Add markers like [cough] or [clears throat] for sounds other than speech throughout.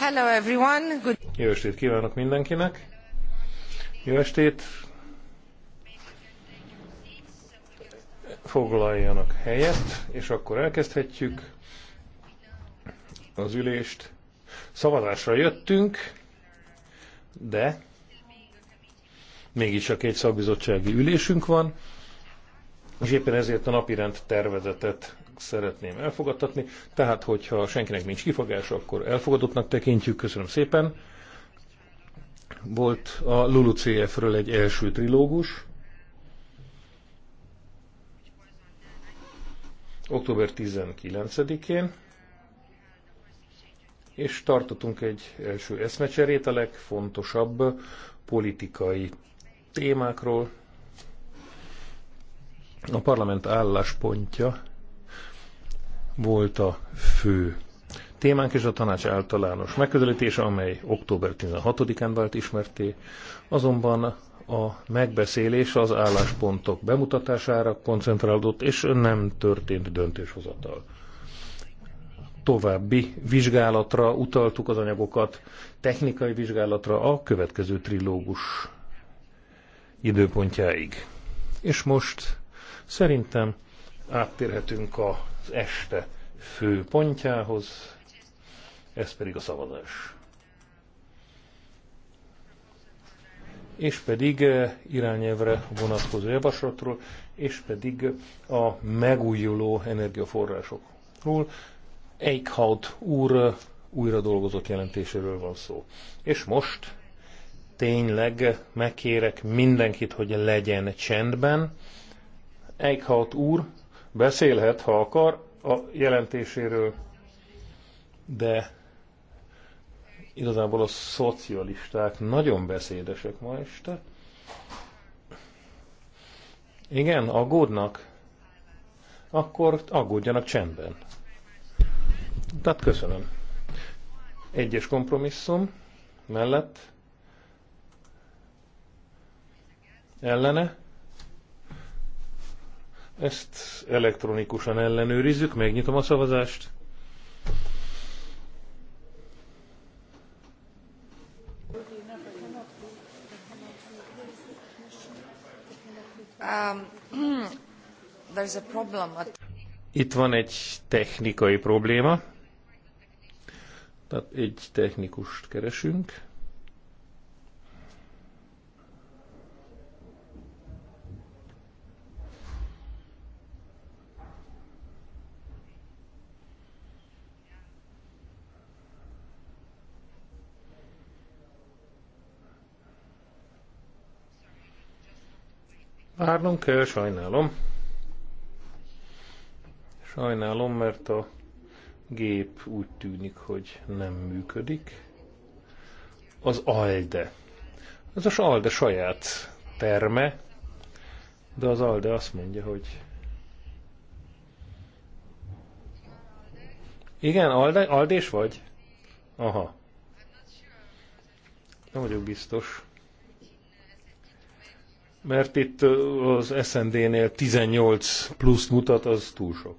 Hello everyone. Good... Jó estét kívánok mindenkinek. Jó estét. Foglaljanak helyet, és akkor elkezdhetjük az ülést. Szavazásra jöttünk, de mégiscsak egy szakbizottsági ülésünk van, és éppen ezért a napirend tervezetet szeretném elfogadtatni. Tehát, hogyha senkinek nincs kifogása, akkor elfogadottnak tekintjük. Köszönöm szépen. Volt a cf ről egy első trilógus. Október 19-én és tartottunk egy első eszmecserét a legfontosabb politikai témákról. A parlament álláspontja volt a fő témánk és a tanács általános megközelítése, amely október 16-án vált ismerté, azonban a megbeszélés az álláspontok bemutatására koncentrálódott, és nem történt döntéshozatal. További vizsgálatra utaltuk az anyagokat, technikai vizsgálatra a következő trilógus időpontjáig. És most szerintem áttérhetünk a az este fő pontjához, ez pedig a szavazás. és pedig eh, irányelvre vonatkozó javaslatról, és pedig a megújuló energiaforrásokról. Eichhaut úr eh, újra dolgozott jelentéséről van szó. És most tényleg megkérek mindenkit, hogy legyen csendben. Eichhaut úr beszélhet, ha akar, a jelentéséről, de igazából a szocialisták nagyon beszédesek ma este. Igen, aggódnak? Akkor aggódjanak csendben. Tehát köszönöm. Egyes kompromisszum mellett ellene ezt elektronikusan ellenőrizzük, megnyitom a szavazást. Um, [clears throat] Itt van egy technikai probléma. Tehát egy technikust keresünk. Várnom kell, sajnálom. Sajnálom, mert a gép úgy tűnik, hogy nem működik. Az ALDE. Ez az ALDE saját terme, de az ALDE azt mondja, hogy... Igen, ALDE, Aldés vagy? Aha. Nem vagyok biztos mert itt az SND-nél 18 plusz mutat, az túl sok.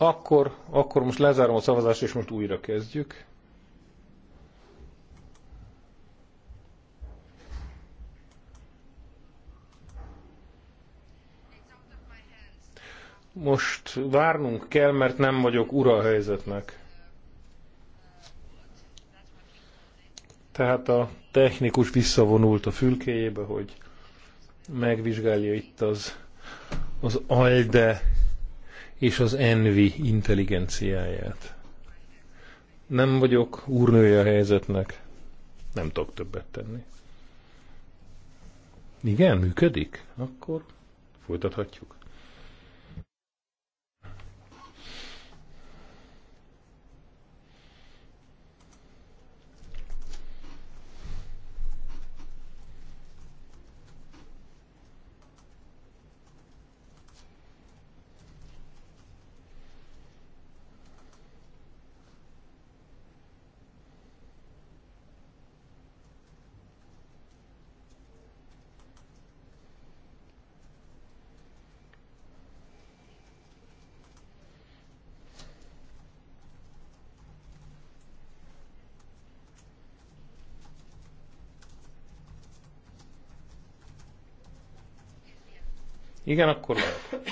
Akkor, akkor most lezárom a szavazást, és most újra kezdjük. most várnunk kell, mert nem vagyok ura a helyzetnek. Tehát a technikus visszavonult a fülkéjébe, hogy megvizsgálja itt az, az ALDE és az ENVI intelligenciáját. Nem vagyok úrnője a helyzetnek. Nem tudok többet tenni. Igen, működik? Akkor folytathatjuk. Igen, akkor lehet.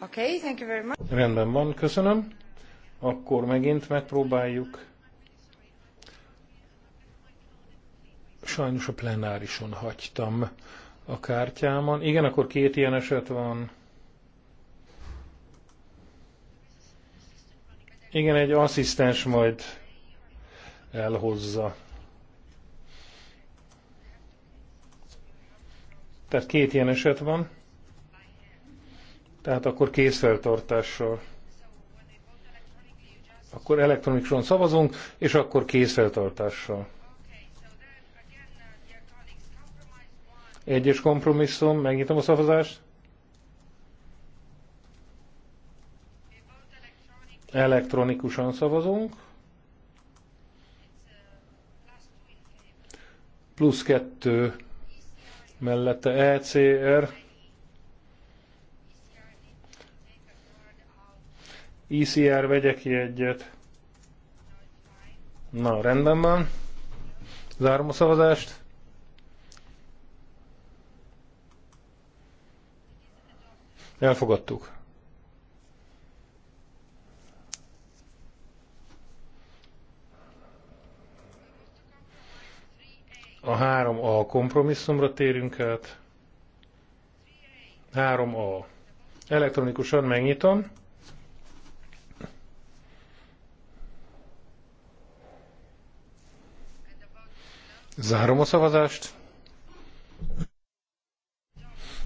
Okay, thank you very much. Rendben van, köszönöm. Akkor megint megpróbáljuk. Sajnos a plenárison hagytam a kártyámon. Igen, akkor két ilyen eset van. Igen, egy asszisztens majd elhozza. Tehát két ilyen eset van. Tehát akkor készfeltartással. Akkor elektronikusan szavazunk, és akkor készfeltartással. Egyes kompromisszum, megnyitom a szavazást. Elektronikusan szavazunk. Plusz kettő mellette ECR. ICR e vegye ki egyet. Na, rendben van. Zárom a szavazást. Elfogadtuk. A 3A kompromisszumra térünk át. 3A. Elektronikusan megnyitom. Zárom a szavazást.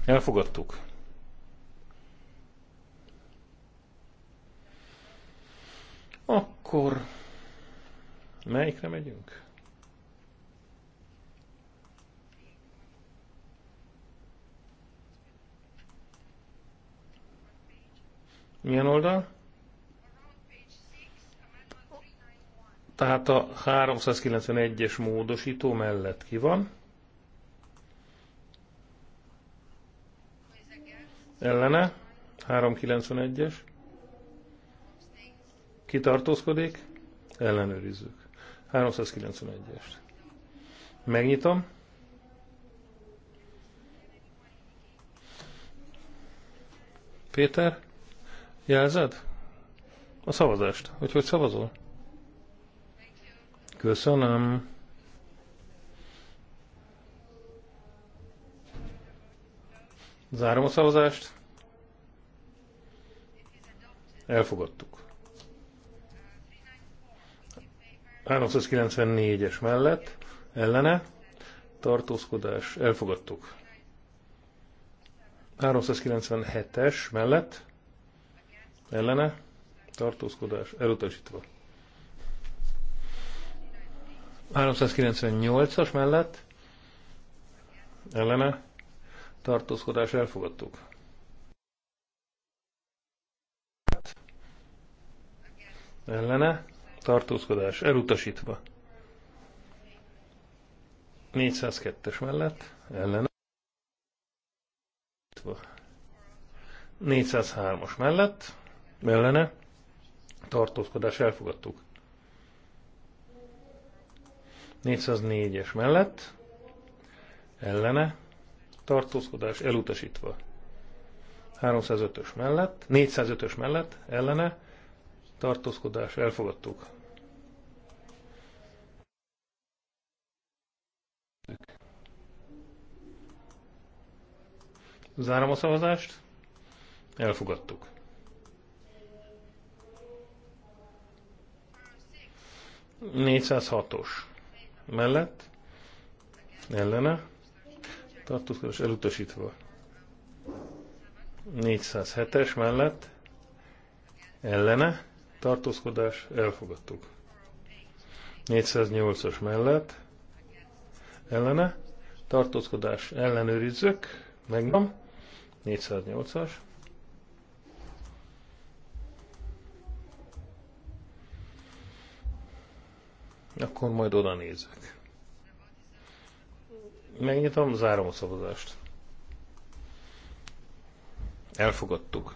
Elfogadtuk. Akkor melyikre megyünk? Milyen oldal? Tehát a 391-es módosító mellett ki van? Ellene? 391-es. Kitartózkodik? Ellenőrizzük. 391 es Megnyitom. Péter, jelzed a szavazást, hogy hogy szavazol? Köszönöm. Zárom a szavazást. Elfogadtuk. 394-es mellett, ellene, tartózkodás, elfogadtuk. 397-es mellett, ellene, tartózkodás, elutasítva. 398-as mellett ellene tartózkodás elfogadtuk. Ellene tartózkodás elutasítva. 402-es mellett ellene. 403-as mellett ellene tartózkodás elfogadtuk. 404-es mellett ellene tartózkodás elutasítva. 305-ös mellett, 405-ös mellett ellene tartózkodás elfogadtuk. Zárom a szavazást. Elfogadtuk. Négyszázhatos mellett, ellene, tartózkodás elutasítva. 407-es mellett, ellene, tartózkodás elfogadtuk. 408-as mellett, ellene, tartózkodás ellenőrizzük, megvan, 408-as. Akkor majd oda nézek. Megnyitom, zárom a szavazást. Elfogadtuk.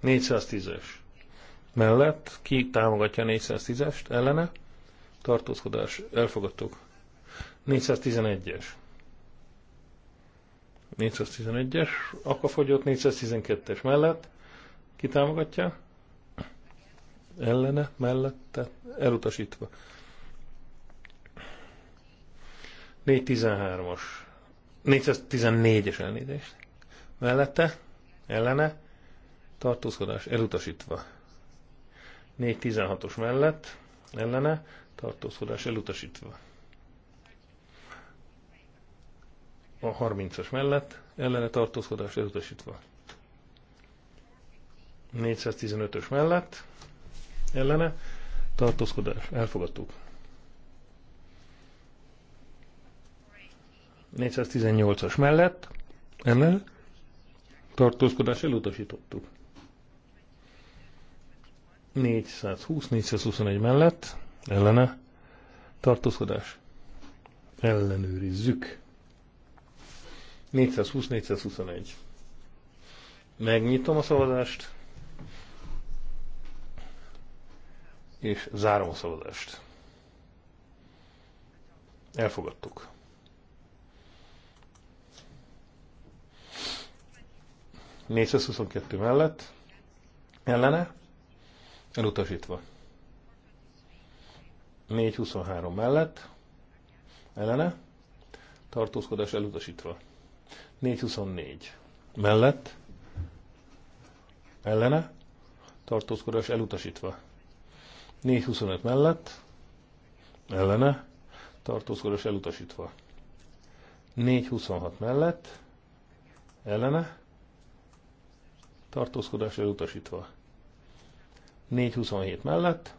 Négyszáztízes. Mellett ki támogatja a 410-est? Ellene? Tartózkodás. Elfogadtuk. 411-es. 411-es, akkor fogyott 412-es mellett. Ki támogatja? Ellene, mellett, tehát elutasítva. 413-as. 414-es elnézést. Mellette, ellene, tartózkodás elutasítva. 416-os mellett, ellene, tartózkodás elutasítva. a 30-as mellett ellene tartózkodás elutasítva. 415-ös mellett ellene tartózkodás elfogadtuk. 418-as mellett ellene tartózkodás elutasítottuk. 420-421 mellett ellene tartózkodás ellenőrizzük. 420-421. Megnyitom a szavazást. És zárom a szavazást. Elfogadtuk. Négyszázhuszonkettő mellett. Ellene. Elutasítva. 423 mellett. Ellene. Tartózkodás elutasítva. 424 mellett ellene tartózkodás elutasítva. 425 mellett ellene tartózkodás elutasítva. 426 mellett ellene tartózkodás elutasítva. 427 mellett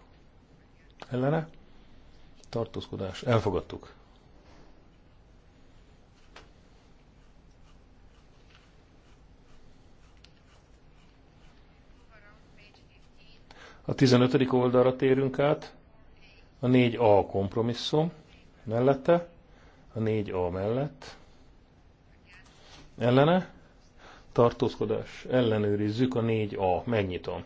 ellene tartózkodás elfogadtuk. A 15. oldalra térünk át, a 4A kompromisszum mellette, a 4A mellett, ellene, tartózkodás, ellenőrizzük a 4A, megnyitom.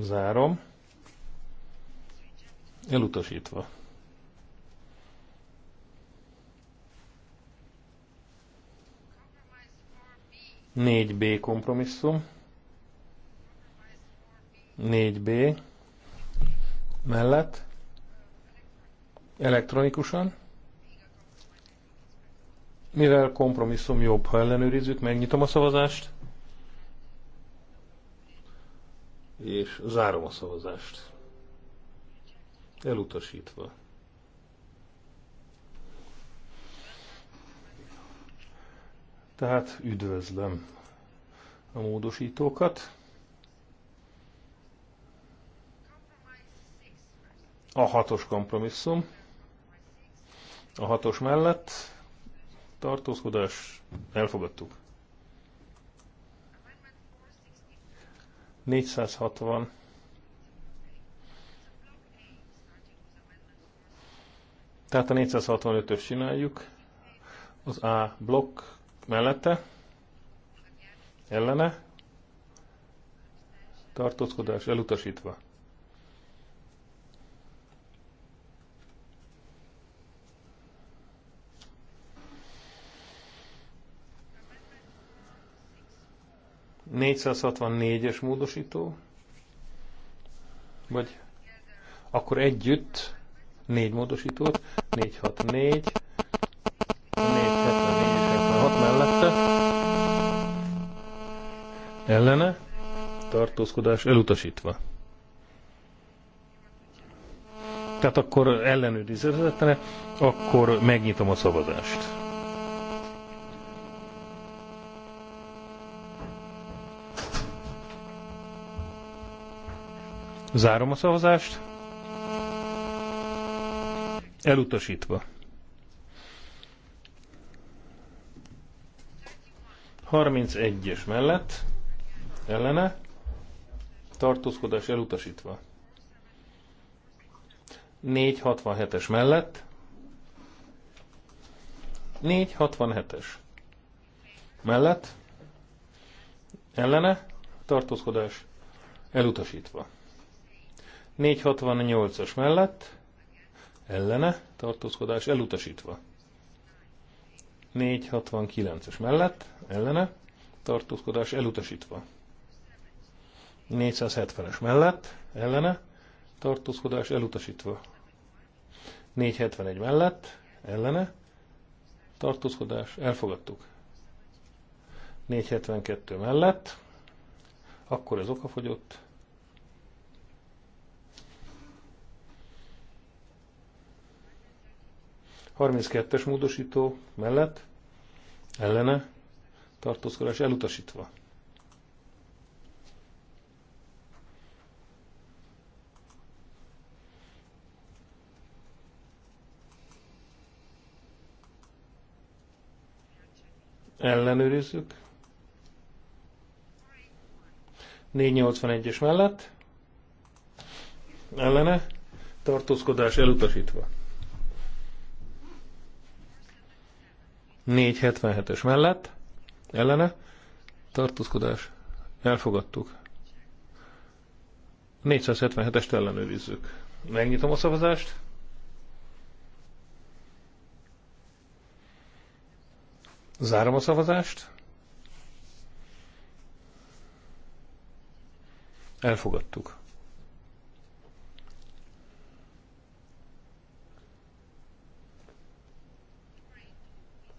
Zárom. Elutasítva. 4B kompromisszum. 4B mellett elektronikusan. Mivel kompromisszum jobb, ha ellenőrizzük, megnyitom a szavazást. És zárom a szavazást. Elutasítva. Tehát üdvözlöm a módosítókat. A hatos kompromisszum. A hatos mellett tartózkodás elfogadtuk. 460 Tehát a 465-ös csináljuk. Az A blokk mellette, ellene, tartózkodás elutasítva. es módosító, vagy akkor együtt négy módosítót, 464, ellene, tartózkodás elutasítva. Tehát akkor ellenőrizetlen, akkor megnyitom a szavazást. Zárom a szavazást. Elutasítva. 31-es mellett ellene, tartózkodás elutasítva. 467-es mellett, 467-es mellett, ellene, tartózkodás elutasítva. 468-as mellett, ellene, tartózkodás elutasítva. 469-es mellett, ellene, tartózkodás elutasítva. 470-es mellett, ellene, tartózkodás elutasítva. 471 mellett, ellene, tartózkodás, elfogadtuk. 472 mellett, akkor ez okafogyott. 32-es módosító mellett, ellene, tartózkodás elutasítva. ellenőrizzük. 481-es mellett ellene tartózkodás elutasítva. 477-es mellett ellene tartózkodás elfogadtuk. 477-est ellenőrizzük. Megnyitom a szavazást. Zárom a szavazást. Elfogadtuk.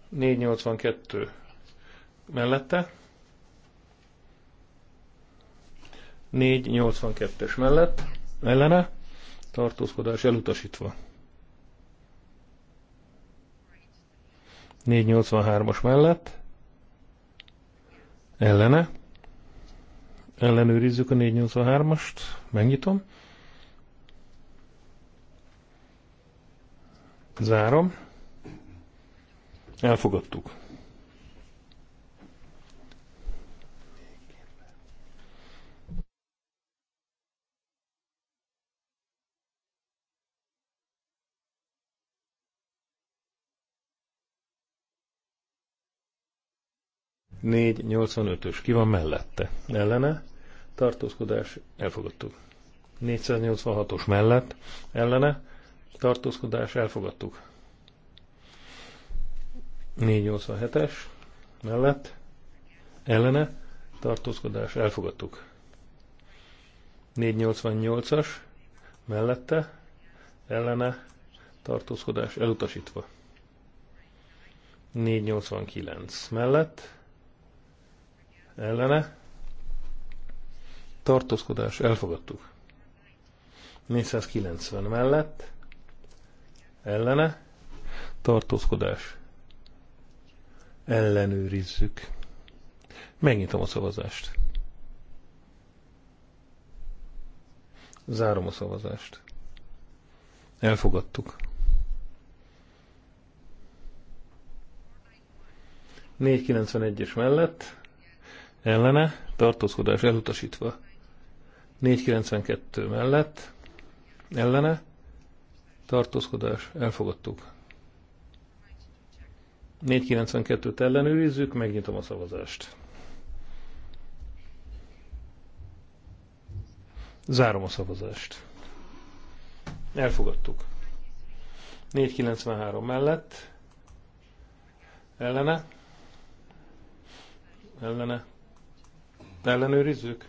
Négy kettő mellette. 482-es mellett, ellene, tartózkodás elutasítva. 483-as mellett, ellene, ellenőrizzük a 483-ast, megnyitom, zárom, elfogadtuk. 485-ös. Ki van mellette? Ellene. Tartózkodás. Elfogadtuk. 486-os mellett. Ellene. Tartózkodás. Elfogadtuk. 487-es. Mellett. Ellene. Tartózkodás. Elfogadtuk. 488-as. Mellette. Ellene. Tartózkodás. Elutasítva. 489 mellett ellene, tartózkodás, elfogadtuk. 490 mellett, ellene, tartózkodás, ellenőrizzük. Megnyitom a szavazást. Zárom a szavazást. Elfogadtuk. 491-es mellett ellene, tartózkodás elutasítva. 492 mellett, ellene, tartózkodás, elfogadtuk. 492-t ellenőrizzük, megnyitom a szavazást. Zárom a szavazást. Elfogadtuk. 493 mellett, ellene, ellene, Ellenőrizzük?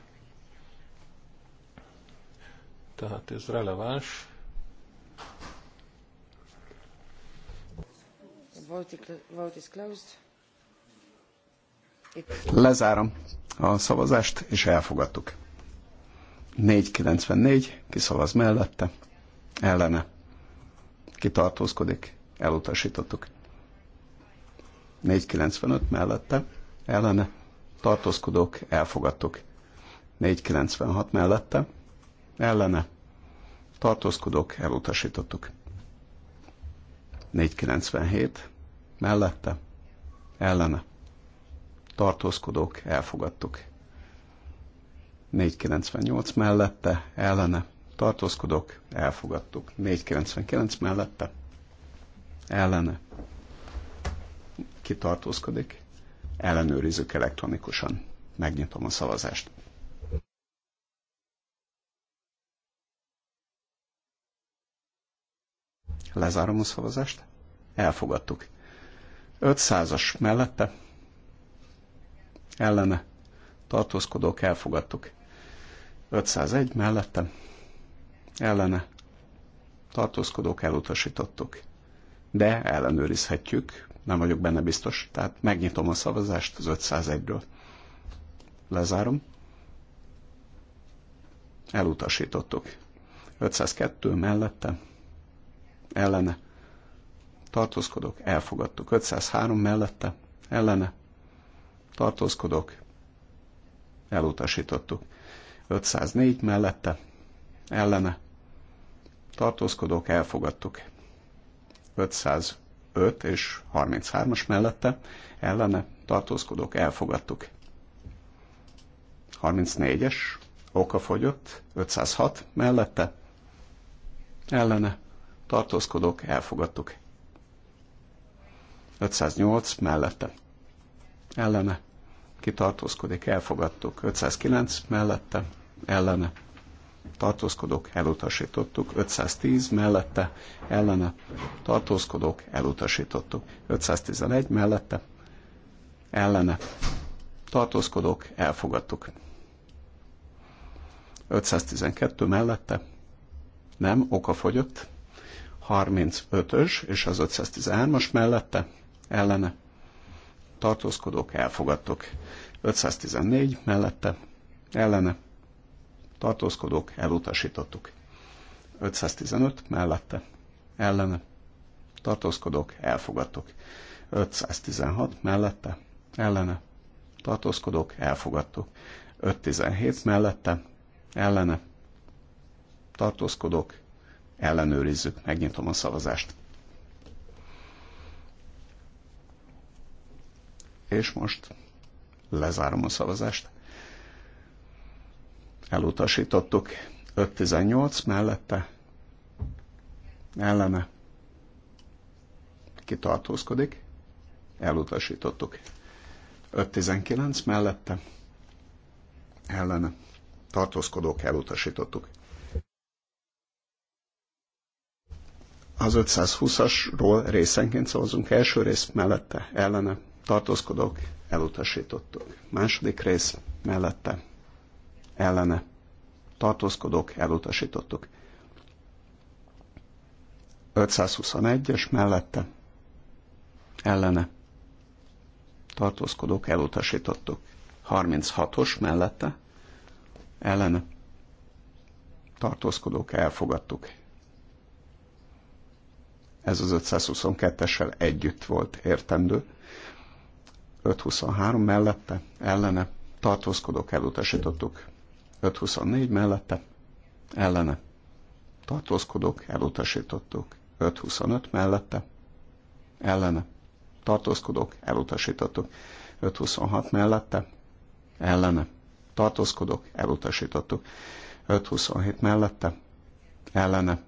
Tehát ez releváns. Lezárom a szavazást, és elfogadtuk. 494, ki szavaz mellette, ellene, kitartózkodik, elutasítottuk. 495 mellette, ellene, tartózkodók, elfogadtuk. 496 mellette, ellene, tartózkodók, elutasítottuk. 497 mellette, ellene, tartózkodók, elfogadtuk. 498 mellette, ellene, tartózkodók, elfogadtuk. 499 mellette, ellene, kitartózkodik, ellenőrizzük elektronikusan. Megnyitom a szavazást. Lezárom a szavazást. Elfogadtuk. 500-as mellette. Ellene. Tartózkodók elfogadtuk. 501 mellette. Ellene. Tartózkodók elutasítottuk. De ellenőrizhetjük. Nem vagyok benne biztos. Tehát megnyitom a szavazást az 501-ről. Lezárom. Elutasítottuk. 502 mellette. Ellene. Tartózkodok. Elfogadtuk. 503 mellette. Ellene. Tartózkodok. Elutasítottuk. 504 mellette. Ellene tartózkodok, elfogadtuk. 505 5 és 33-as mellette ellene tartózkodók elfogadtuk. 34-es okafogyott, 506 mellette ellene tartózkodók elfogadtuk. 508 mellette ellene kitartózkodik, elfogadtuk. 509 mellette ellene tartózkodók, elutasítottuk. 510 mellette, ellene, tartózkodók, elutasítottuk. 511 mellette, ellene, tartózkodók, elfogadtuk. 512 mellette, nem, okafogyott, 35-ös és az 513-as mellette, ellene, tartózkodók, elfogadtuk. 514 mellette, ellene, tartózkodók, elutasítottuk. 515 mellette, ellene, tartózkodók, elfogadtuk. 516 mellette, ellene, tartózkodók, elfogadtuk. 517 mellette, ellene, tartózkodók, ellenőrizzük, megnyitom a szavazást. És most lezárom a szavazást elutasítottuk 518 mellette, ellene kitartózkodik, elutasítottuk 519 mellette, ellene tartózkodók elutasítottuk. Az 520-asról részenként szavazunk, első rész mellette, ellene tartózkodók elutasítottuk. Második rész mellette, ellene tartózkodók elutasítottuk. 521-es mellette ellene tartózkodók elutasítottuk. 36-os mellette ellene tartózkodók elfogadtuk. Ez az 522-essel együtt volt értendő. 523 mellette ellene tartózkodók elutasítottuk. 524 mellette ellene tartózkodók elutasítottuk. 525 mellette ellene tartózkodók elutasítottuk. 526 mellette ellene tartózkodók elutasítottuk. 527 mellette ellene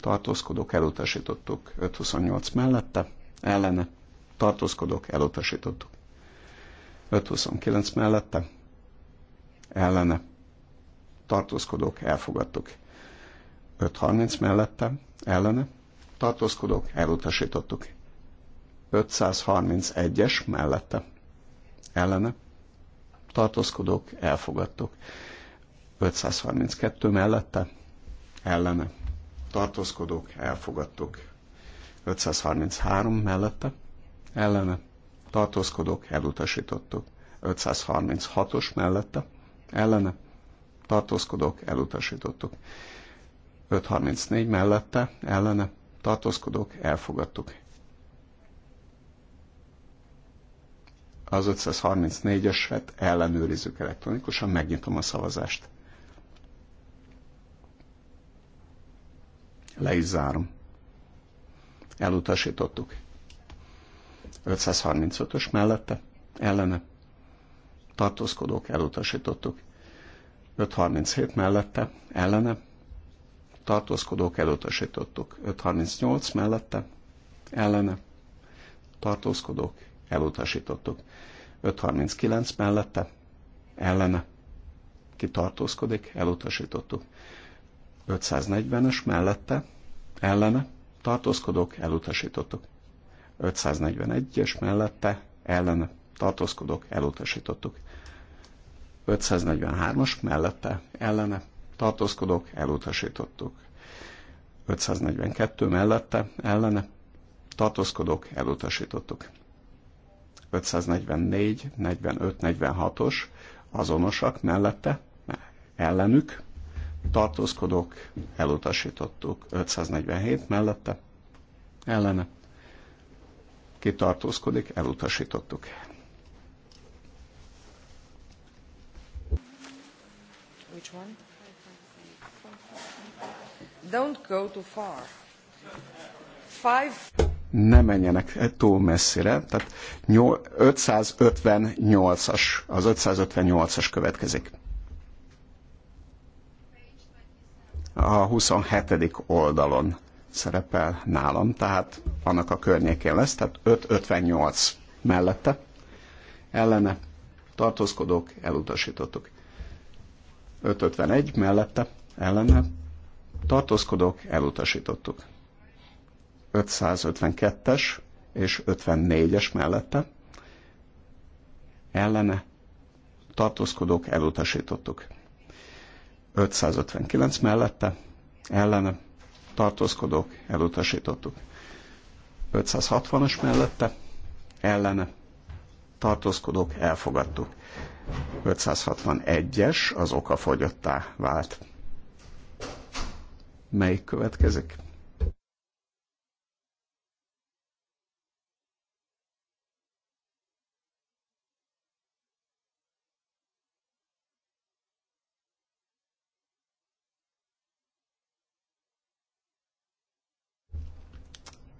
tartózkodók elutasítottuk. 528 mellette ellene tartózkodók elutasítottuk. 529 mellette ellene tartózkodók, elfogadtuk. 5.30 mellette, ellene, tartózkodók, elutasítottuk. 531-es mellette, ellene, tartózkodók, elfogadtuk. 532 mellette, ellene, tartózkodók, elfogadtuk. 533 mellette, ellene, tartózkodók, elutasítottuk. 536-os mellette, ellene tartózkodók elutasítottuk. 534 mellette ellene tartózkodók elfogadtuk. Az 534-eset ellenőrizzük elektronikusan, megnyitom a szavazást. Le is zárom. Elutasítottuk. 535-ös mellette ellene tartózkodók elutasítottuk. 537 mellette, ellene, tartózkodók elutasítottuk. 538 mellette, ellene, tartózkodók elutasítottuk. 539 mellette, ellene, ki tartózkodik, elutasítottuk. 540-es mellette, ellene, tartózkodók elutasítottuk. 541-es mellette, ellene, tartózkodok, elutasítottuk. 543-as mellette, ellene, tartózkodok, elutasítottuk. 542 mellette, ellene, tartózkodok, elutasítottuk. 544, 45, 46-os azonosak mellette, ellenük, tartózkodók, elutasítottuk. 547 mellette, ellene, ki tartózkodik, elutasítottuk. Which one? Don't go too far. Five. Ne menjenek túl messzire, tehát 558-as, az 558-as következik. A 27. oldalon szerepel nálam, tehát annak a környékén lesz, tehát 558 mellette. Ellene tartózkodók, elutasítottuk. 551 mellette ellene tartózkodók elutasítottuk. 552-es és 54-es mellette ellene tartózkodók elutasítottuk. 559 mellette ellene tartózkodók elutasítottuk. 560-as mellette ellene tartózkodók elfogadtuk. 561-es az fogyottá vált. Melyik következik?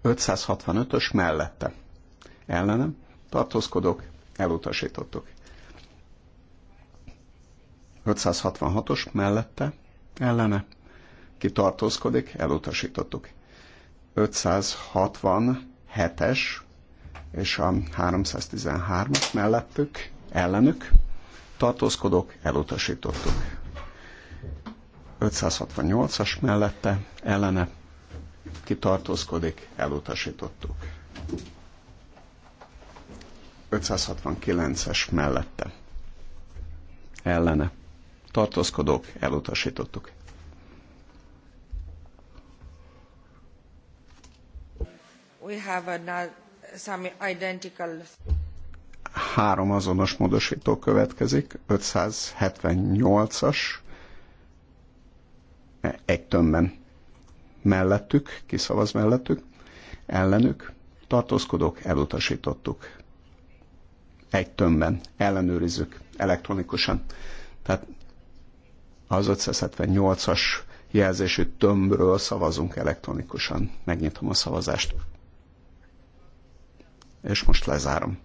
ötszázhatvanötös mellette. Ellenem tartózkodok, elutasítottuk. 566-os mellette ellene ki tartózkodik, elutasítottuk. 567-es és a 313-as mellettük, ellenük tartózkodók, elutasítottuk. 568-as mellette ellene tartózkodik, elutasítottuk. 569-es mellette ellene tartózkodók elutasítottuk. We have some identical... Három azonos módosító következik, 578-as, egy tömbben mellettük, kiszavaz mellettük, ellenük, tartózkodók elutasítottuk. Egy tömbben ellenőrizzük elektronikusan. Tehát az 578-as jelzésű tömbről szavazunk elektronikusan. Megnyitom a szavazást. És most lezárom.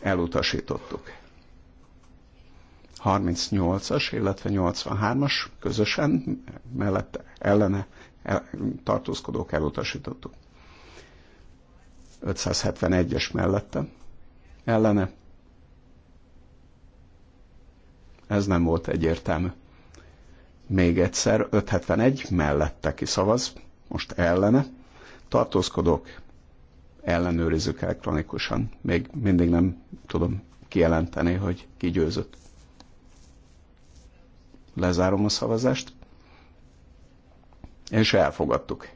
Elutasítottuk. 38-as, illetve 83-as közösen mellette ellene el, tartózkodók elutasítottuk. 571-es mellette ellene Ez nem volt egyértelmű. Még egyszer 571 mellette kiszavaz, most ellene. Tartózkodok, ellenőrizzük elektronikusan. Még mindig nem tudom kijelenteni, hogy ki győzött. Lezárom a szavazást, és elfogadtuk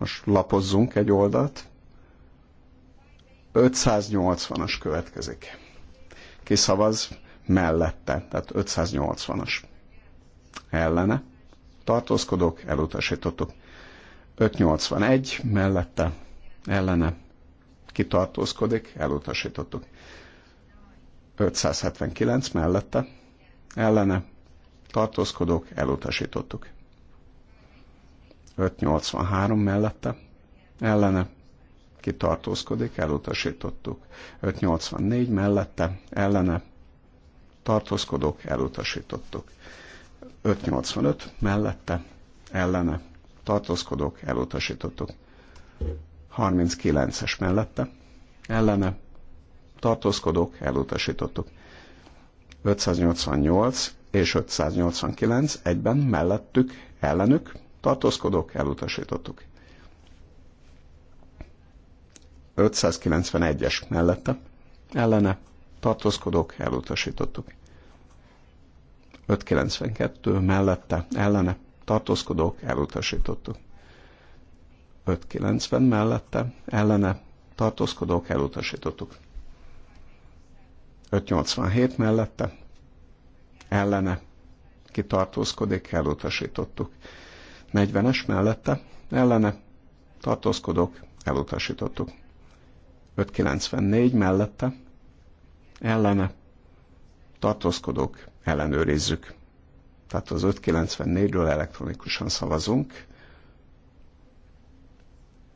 Most lapozzunk egy oldalt. 580-as következik. Ki szavaz mellette, tehát 580-as. Ellene. Tartózkodók, elutasítottuk. 581 mellette, ellene. Kitartózkodik, elutasítottuk. 579 mellette, ellene. Tartózkodók, elutasítottuk. 583 mellette ellene kitartózkodik, elutasítottuk. 584 mellette ellene tartózkodók, elutasítottuk. 585 mellette ellene tartózkodók, elutasítottuk. 39-es mellette ellene tartózkodók, elutasítottuk. 588 és 589 egyben mellettük, ellenük, tartózkodók, elutasítottuk. 591-es mellette, ellene, tartózkodók, elutasítottuk. 592 mellette, ellene, tartózkodók, elutasítottuk. 590 mellette, ellene, tartózkodók, elutasítottuk. 587 mellette, ellene, ki tartózkodik, elutasítottuk. 40-es mellette ellene tartózkodok, elutasítottuk. 594 mellette ellene tartózkodók ellenőrizzük. Tehát az 594-ről elektronikusan szavazunk.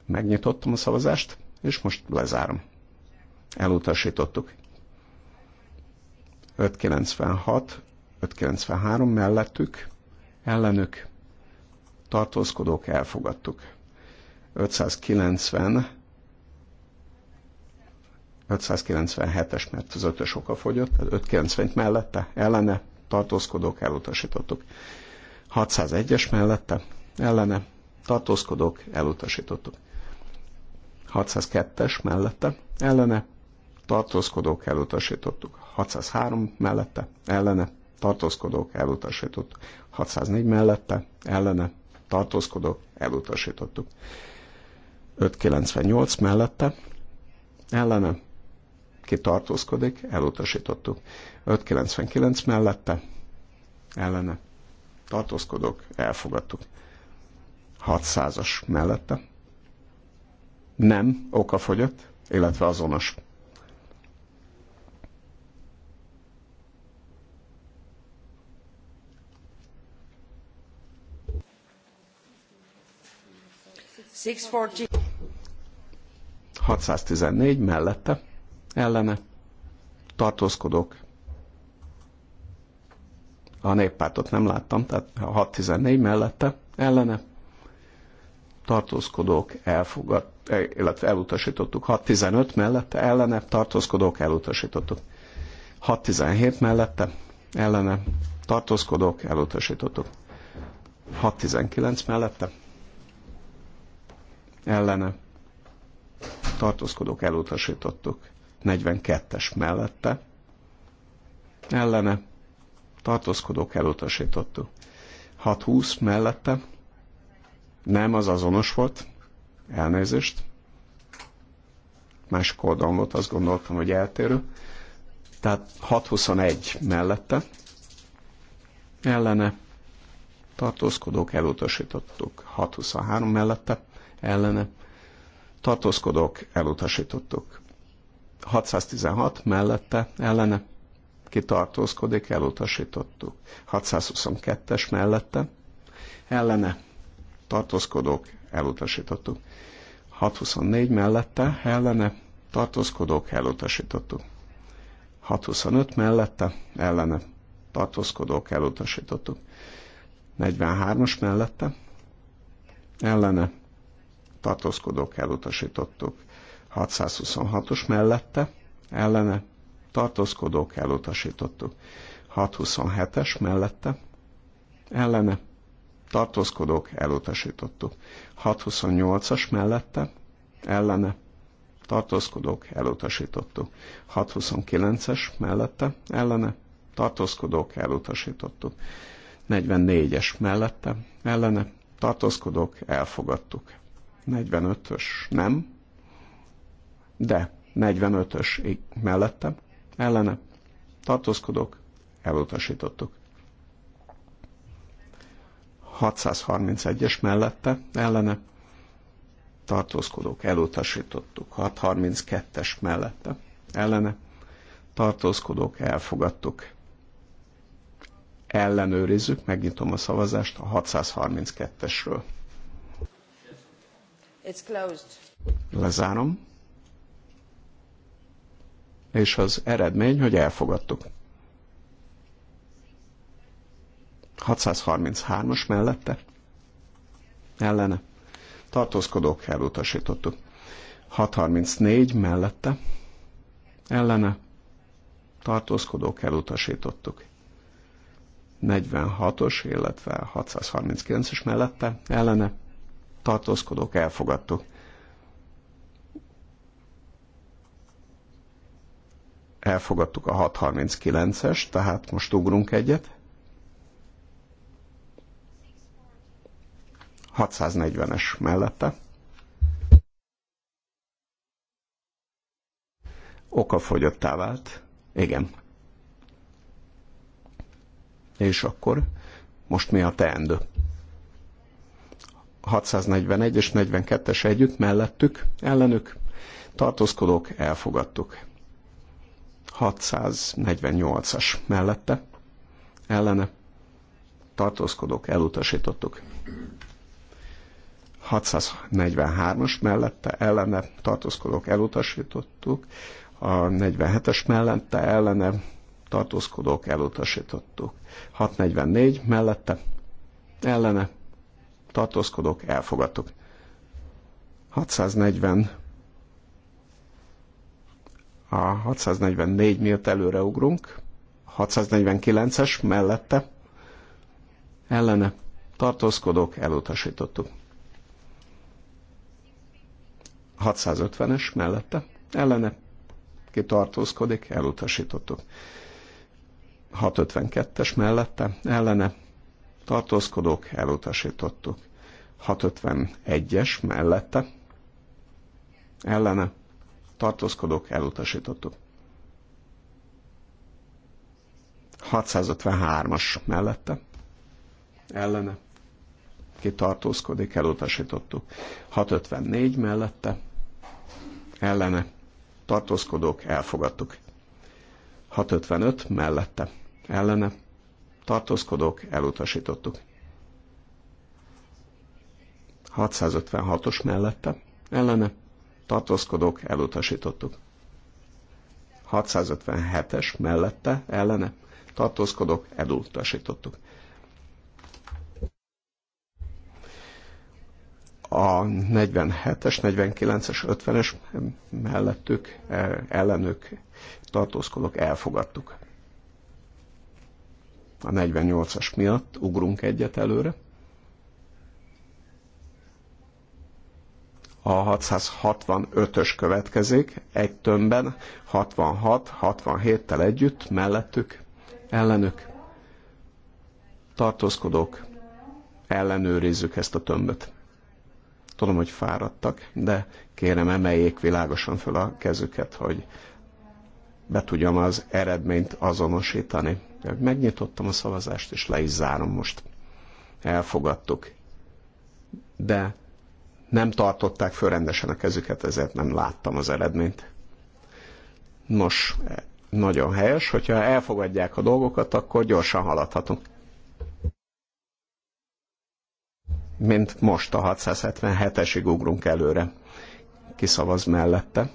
Megnyitottam a szavazást, és most lezárom. Elutasítottuk. 596, 593 mellettük, ellenük tartózkodók elfogadtuk. 590 597-es, mert az ötös oka fogyott, 590 mellette, ellene, tartózkodók elutasítottuk. 601-es mellette, ellene, tartózkodók elutasítottuk. 602-es mellette, ellene, tartózkodók elutasítottuk. 603 mellette, ellene, tartózkodók elutasítottuk. 604 mellette, ellene, tartózkodók, elutasítottuk. 598 mellette, ellene, ki tartózkodik, elutasítottuk. 599 mellette, ellene, tartózkodók, elfogadtuk. 600-as mellette, nem, oka fogyott, illetve azonos 614 mellette, ellene, tartózkodók. A néppártot nem láttam, tehát a 614 mellette, ellene, tartózkodók elfogad, illetve elutasítottuk. 615 mellette, ellene, tartózkodók elutasítottuk. 617 mellette, ellene, tartózkodók elutasítottuk. 619 mellette, ellene tartózkodók elutasítottuk 42-es mellette, ellene tartózkodók elutasítottuk 620 mellette, nem az azonos volt, elnézést, másik oldalon volt, azt gondoltam, hogy eltérő, tehát 621 mellette, ellene tartózkodók elutasítottuk 623 mellette, ellene tartózkodók elutasítottuk. 616 mellette ellene ki tartózkodik, elutasítottuk. 622-es mellette ellene tartózkodók elutasítottuk. 624 mellette ellene tartózkodók elutasítottuk. 625 mellette ellene tartózkodók elutasítottuk. 43-as mellette ellene tartózkodók elutasítottuk. 626-os mellette, ellene tartózkodók elutasítottuk. 627-es mellette, ellene tartózkodók elutasítottuk. 628-as mellette, ellene tartózkodók elutasítottuk. 629-es mellette, ellene tartózkodók elutasítottuk. 44-es mellette, ellene tartózkodók elfogadtuk. 45-ös nem, de 45-ös mellettem, ellene tartózkodok, elutasítottuk. 631-es mellette, ellene tartózkodók elutasítottuk, 632-es mellette, ellene tartózkodók elfogadtuk. Ellenőrizzük, megnyitom a szavazást a 632-esről. It's closed. Lezárom. És az eredmény, hogy elfogadtuk. 633-as mellette. Ellene. Tartózkodók elutasítottuk. 634 mellette. Ellene. Tartózkodók elutasítottuk. 46-os, illetve 639-es mellette. Ellene tartózkodók elfogadtuk. Elfogadtuk a 639-es, tehát most ugrunk egyet. 640-es mellette. Okafogyottá vált. Igen. És akkor most mi a teendő? 641 és 42-es együtt mellettük, ellenük tartózkodók elfogadtuk. 648-as mellette, ellene tartózkodók elutasítottuk. 643-as mellette ellene tartózkodók elutasítottuk, a 47-es mellette ellene tartózkodók elutasítottuk, 644 mellette ellene tartózkodok, elfogadtuk. 640 a 644 miatt előreugrunk, 649-es mellette ellene tartózkodok, elutasítottuk. 650-es mellette ellene ki tartózkodik, elutasítottuk. 652-es mellette ellene tartózkodók, elutasítottuk. 651-es mellette, ellene, tartózkodók, elutasítottuk. 653-as mellette, ellene, ki tartózkodik, elutasítottuk. 654 mellette, ellene, tartózkodók, elfogadtuk. 655 mellette, ellene, tartózkodók elutasítottuk. 656-os mellette ellene tartózkodók elutasítottuk. 657-es mellette ellene tartózkodók elutasítottuk. a 47-es, 49-es, 50-es mellettük, e, ellenük tartózkodók elfogadtuk a 48-as miatt ugrunk egyet előre. A 665-ös következik, egy tömbben 66-67-tel együtt, mellettük, ellenük, tartózkodók, ellenőrizzük ezt a tömböt. Tudom, hogy fáradtak, de kérem emeljék világosan föl a kezüket, hogy be tudjam az eredményt azonosítani. Megnyitottam a szavazást, és le is zárom most. Elfogadtuk. De nem tartották föl rendesen a kezüket, ezért nem láttam az eredményt. Nos, e, nagyon helyes, hogyha elfogadják a dolgokat, akkor gyorsan haladhatunk. Mint most a 677-esig ugrunk előre. Kiszavaz mellette.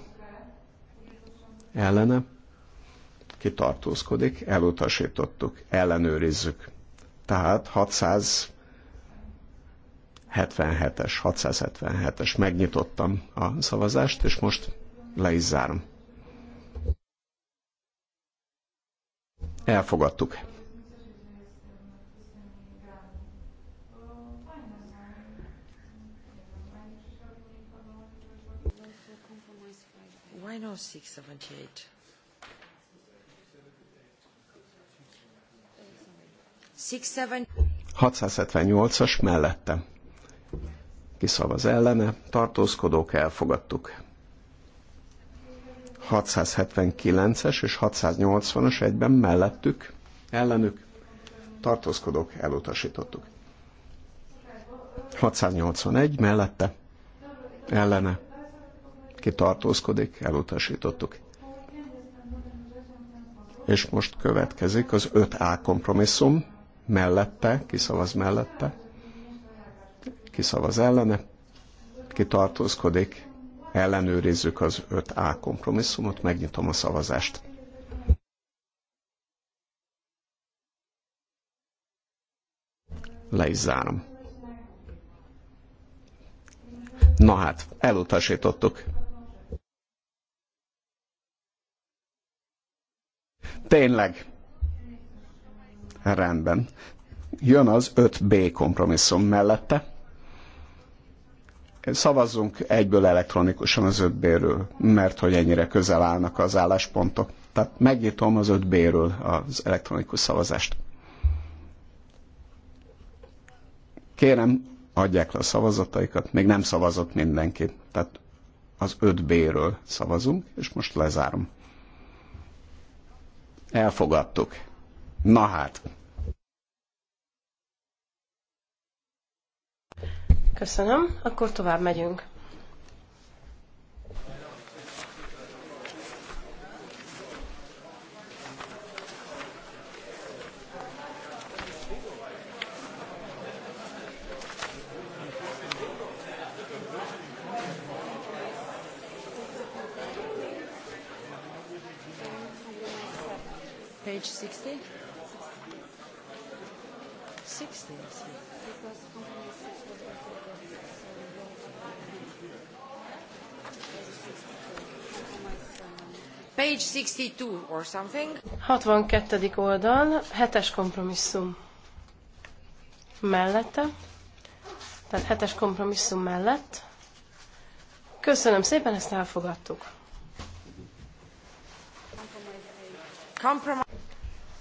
Ellene aki tartózkodik, elutasítottuk, ellenőrizzük. Tehát 677-es, 677-es, megnyitottam a szavazást, és most le is zárom. Elfogadtuk. Why no 678? 678-as mellette. Kiszavaz ellene, tartózkodók elfogadtuk. 679-es és 680-as egyben mellettük, ellenük, tartózkodók elutasítottuk. 681 mellette, ellene, ki tartózkodik, elutasítottuk. És most következik az 5A kompromisszum mellette, szavaz mellette, szavaz ellene, tartózkodik, ellenőrizzük az 5A kompromisszumot, megnyitom a szavazást. Le is zárom. Na hát, elutasítottuk. Tényleg, Rendben. Jön az 5B kompromisszum mellette. Szavazzunk egyből elektronikusan az 5B-ről, mert hogy ennyire közel állnak az álláspontok. Tehát megnyitom az 5B-ről az elektronikus szavazást. Kérem, adják le a szavazataikat. Még nem szavazott mindenki. Tehát az 5B-ről szavazunk, és most lezárom. Elfogadtuk. Na hát. Köszönöm, akkor tovább megyünk. Page 60. 60. Page 62 or something. 62. oldal, hetes kompromisszum mellette, tehát hetes kompromisszum mellett. Köszönöm szépen, ezt elfogadtuk.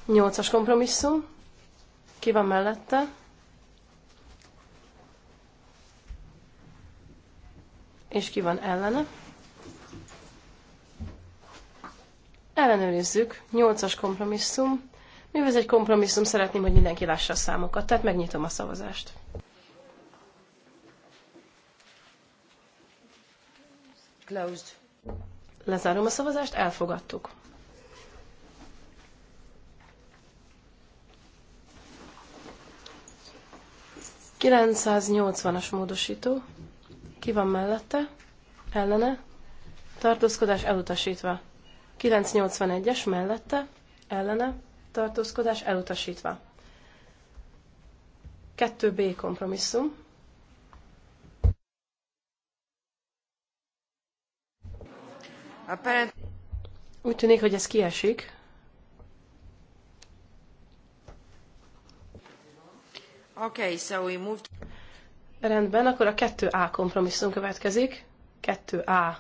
Nyolcas kompromisszum ki van mellette? És ki van ellene? Ellenőrizzük. Nyolcas kompromisszum. Mivel ez egy kompromisszum, szeretném, hogy mindenki lássa a számokat, tehát megnyitom a szavazást. Closed. Lezárom a szavazást, elfogadtuk. 980-as módosító. Ki van mellette? Ellene. Tartózkodás elutasítva. 981-es mellette. Ellene. Tartózkodás elutasítva. 2B kompromisszum. Úgy tűnik, hogy ez kiesik. Okay, so we moved... Rendben, akkor a 2A kompromisszum következik. 2A.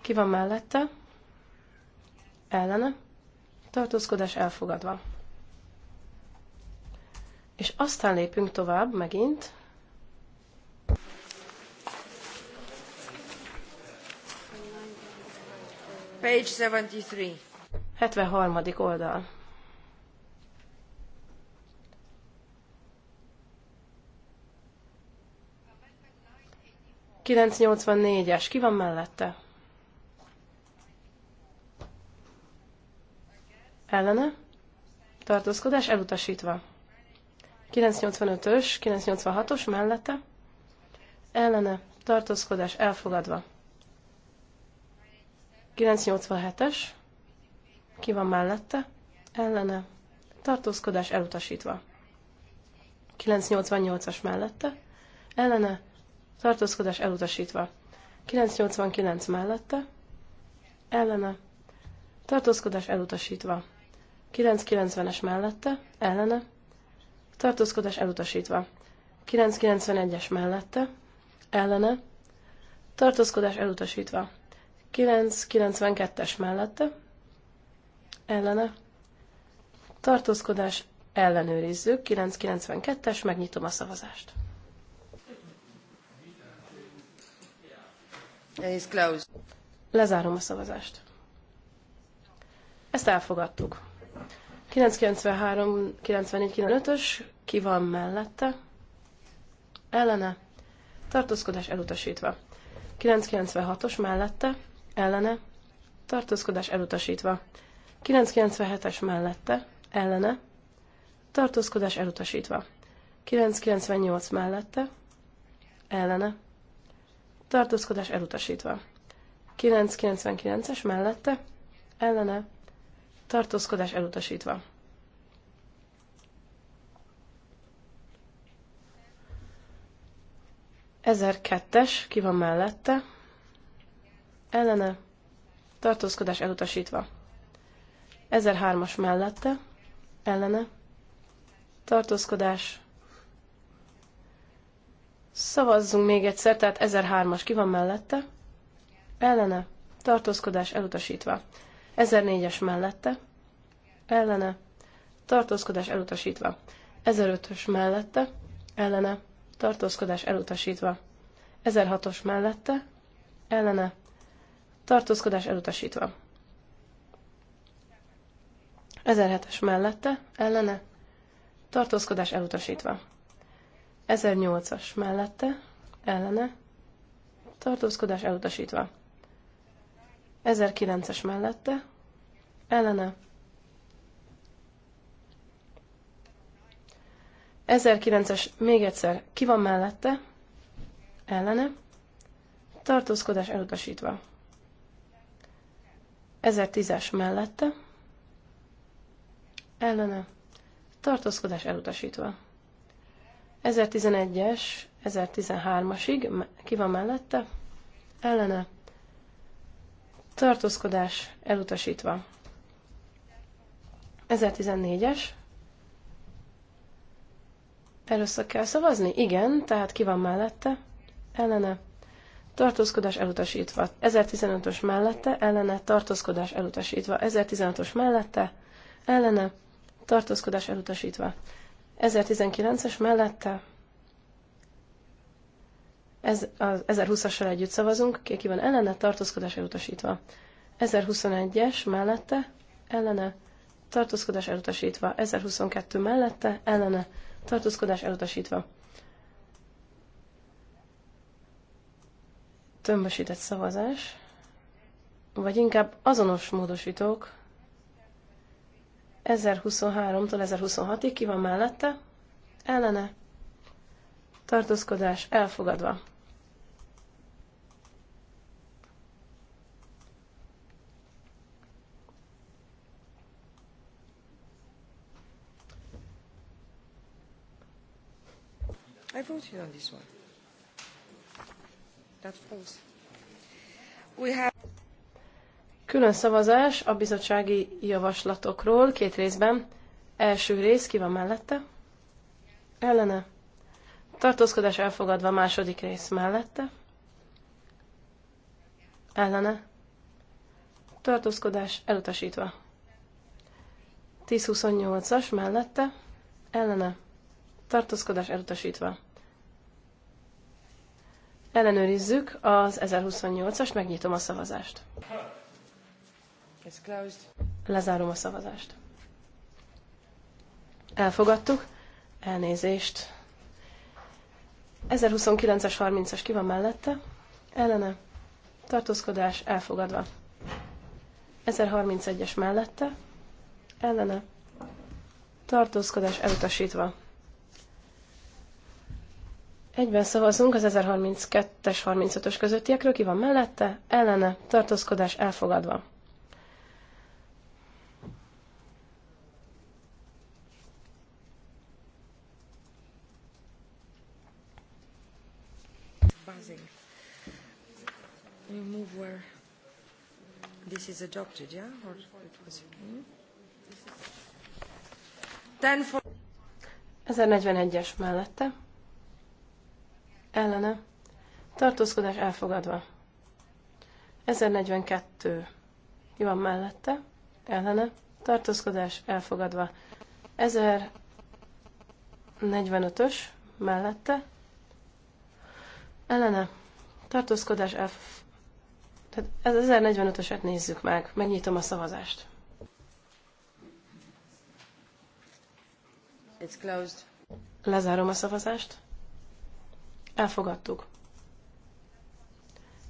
Ki van mellette? Ellene. Tartózkodás elfogadva. És aztán lépünk tovább megint. Page 73. 73. oldal. 984-es, ki van mellette? Ellene? Tartózkodás elutasítva. 985-ös, 986-os mellette? Ellene? Tartózkodás elfogadva. 987-es, ki van mellette? Ellene? Tartózkodás elutasítva. 988-as mellette? Ellene? tartózkodás elutasítva. 989 mellette, ellene, tartózkodás elutasítva. 990-es mellette, ellene, tartózkodás elutasítva. 991-es mellette, ellene, tartózkodás elutasítva. 992-es mellette, ellene, tartózkodás ellenőrizzük, 992-es, megnyitom a szavazást. Lezárom a szavazást. Ezt elfogadtuk. 993, 94, 95-ös, ki van mellette? Ellene. Tartózkodás elutasítva. 996-os mellette, ellene. Tartózkodás elutasítva. 997-es mellette, ellene. Tartózkodás elutasítva. 998 mellette, ellene tartózkodás elutasítva. 999-es mellette, ellene, tartózkodás elutasítva. Ezer kettes, ki van mellette, ellene, tartózkodás elutasítva. 1003 hármas mellette, ellene, tartózkodás Szavazzunk még egyszer, tehát 1003-as ki van mellette? Ellene. Tartózkodás elutasítva. 1004-es mellette. Ellene. Tartózkodás elutasítva. 1005-ös mellette. Ellene. Tartózkodás elutasítva. 1006-os mellette. Ellene. Tartózkodás elutasítva. 1007-es mellette. Ellene. Tartózkodás elutasítva. 1008-as mellette, ellene, tartózkodás elutasítva. 1009-es mellette, ellene, 1009-es még egyszer ki van mellette, ellene, tartózkodás elutasítva. 1010-es mellette, ellene, tartózkodás elutasítva. 1011-es, 1013-asig, ki van mellette, ellene, tartózkodás elutasítva. 1014-es, Először kell szavazni? Igen, tehát ki van mellette? Ellene. Tartózkodás elutasítva. 1015-ös mellette, ellene, tartózkodás elutasítva. 1015-ös mellette, ellene, tartózkodás elutasítva. 2019 es mellette ez, az 1020-assal együtt szavazunk, ki van ellene, tartózkodás elutasítva. 1021-es mellette, ellene, tartózkodás elutasítva. 1022 mellette, ellene, tartózkodás elutasítva. Tömbösített szavazás, vagy inkább azonos módosítók, 1023-tól 1026-ig ki van mellette, ellene, tartózkodás elfogadva. I voted on this one. That falls. We have Külön szavazás a bizottsági javaslatokról két részben. Első rész, ki van mellette? Ellene. Tartózkodás elfogadva második rész mellette. Ellene. Tartózkodás elutasítva. 1028-as mellette. Ellene. Tartózkodás elutasítva. Ellenőrizzük az 1028 as megnyitom a szavazást. Lezárom a szavazást. Elfogadtuk. Elnézést. 1029-es 30-as ki van mellette? Ellene. Tartózkodás elfogadva. 1031-es mellette? Ellene. Tartózkodás elutasítva. Egyben szavazunk az 1032-es 35-ös közöttiekről, ki van mellette, ellene, tartózkodás elfogadva. buzzing. You move where this is adopted, yeah? Or it was, hmm? Then for 1041-es mellette. Ellene. Tartózkodás elfogadva. 1042. Jó van mellette. Ellene. Tartózkodás elfogadva. 1045-ös mellette ellene tartózkodás F. Tehát ez 1045-öset nézzük meg, megnyitom a szavazást. It's closed. Lezárom a szavazást. Elfogadtuk.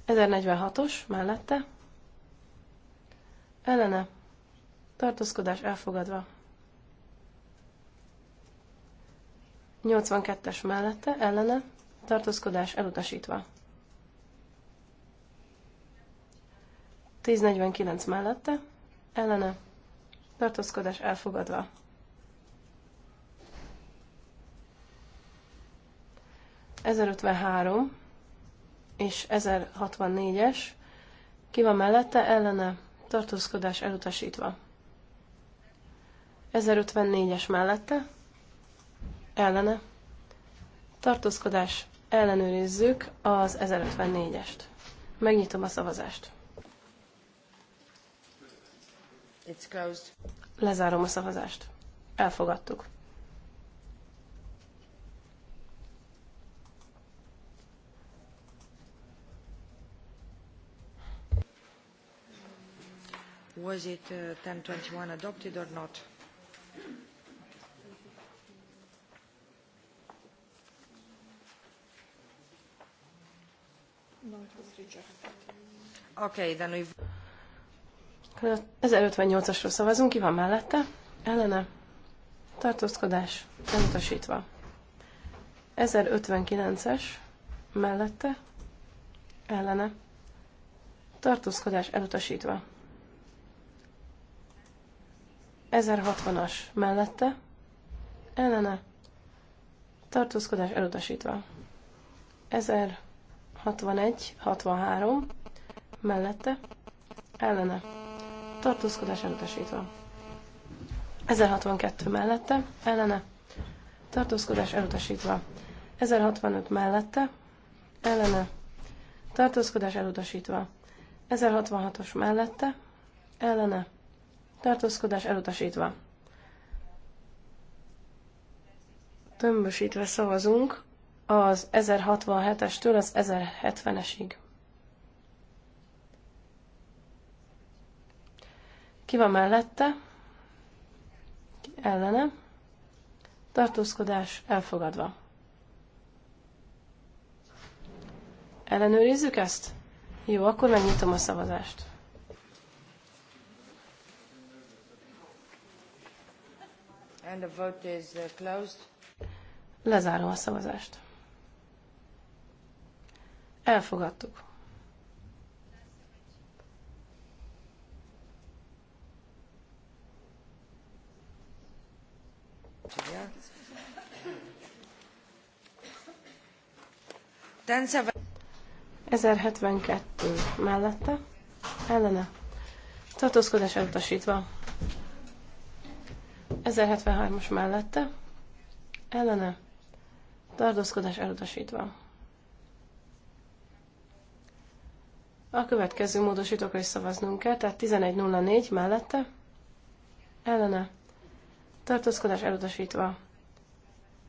1046-os mellette. Ellene. Tartózkodás elfogadva. 82-es mellette, ellene, tartózkodás elutasítva. 1049 mellette, ellene, tartózkodás elfogadva. ...1053 és 1064-es, ki van mellette, ellene, tartózkodás elutasítva. 1054-es mellette, ellene, tartózkodás ellenőrizzük az 1054-est. Megnyitom a szavazást. It's closed. Lezárom a szavazást. Elfogadtuk. Was it uh, 1021 adopted or not? Okay, then we've... 1058-asról szavazunk, ki van mellette? Ellene? Tartózkodás elutasítva. 1059-es mellette? Ellene? Tartózkodás elutasítva. 1060-as mellette? Ellene? Tartózkodás elutasítva. 1060 61, 63, mellette, ellene, tartózkodás elutasítva. 1062 mellette, ellene, tartózkodás elutasítva. 1065 mellette, ellene, tartózkodás elutasítva. 1066-os mellette, ellene, tartózkodás elutasítva. Tömbösítve szavazunk az 1067-estől az 1070-esig. Ki van mellette? Ki ellene? Tartózkodás elfogadva. Ellenőrizzük ezt? Jó, akkor megnyitom a szavazást. And the vote is uh, closed. Lezárom a szavazást. Elfogadtuk. Tenszeve 1072 mellette, ellene, tartózkodás elutasítva. 1073-as mellette, ellene, tartózkodás elutasítva. A következő módosítókra is szavaznunk kell, tehát 11.04 mellette, ellene, tartózkodás elutasítva,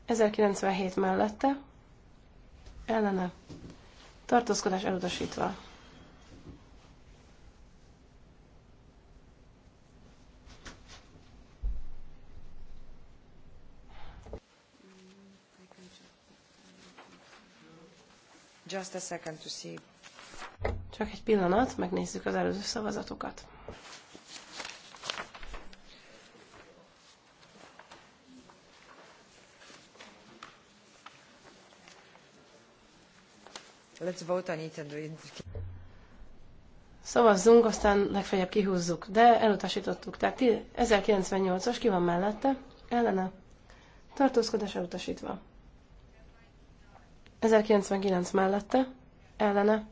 1097 mellette, ellene, tartózkodás elutasítva. Just a second to see csak egy pillanat, megnézzük az előző szavazatokat. Let's vote on it and Szavazzunk, aztán legfeljebb kihúzzuk, de elutasítottuk. Tehát 1098-as, ki van mellette? Ellene. Tartózkodás elutasítva. 1099 mellette, ellene,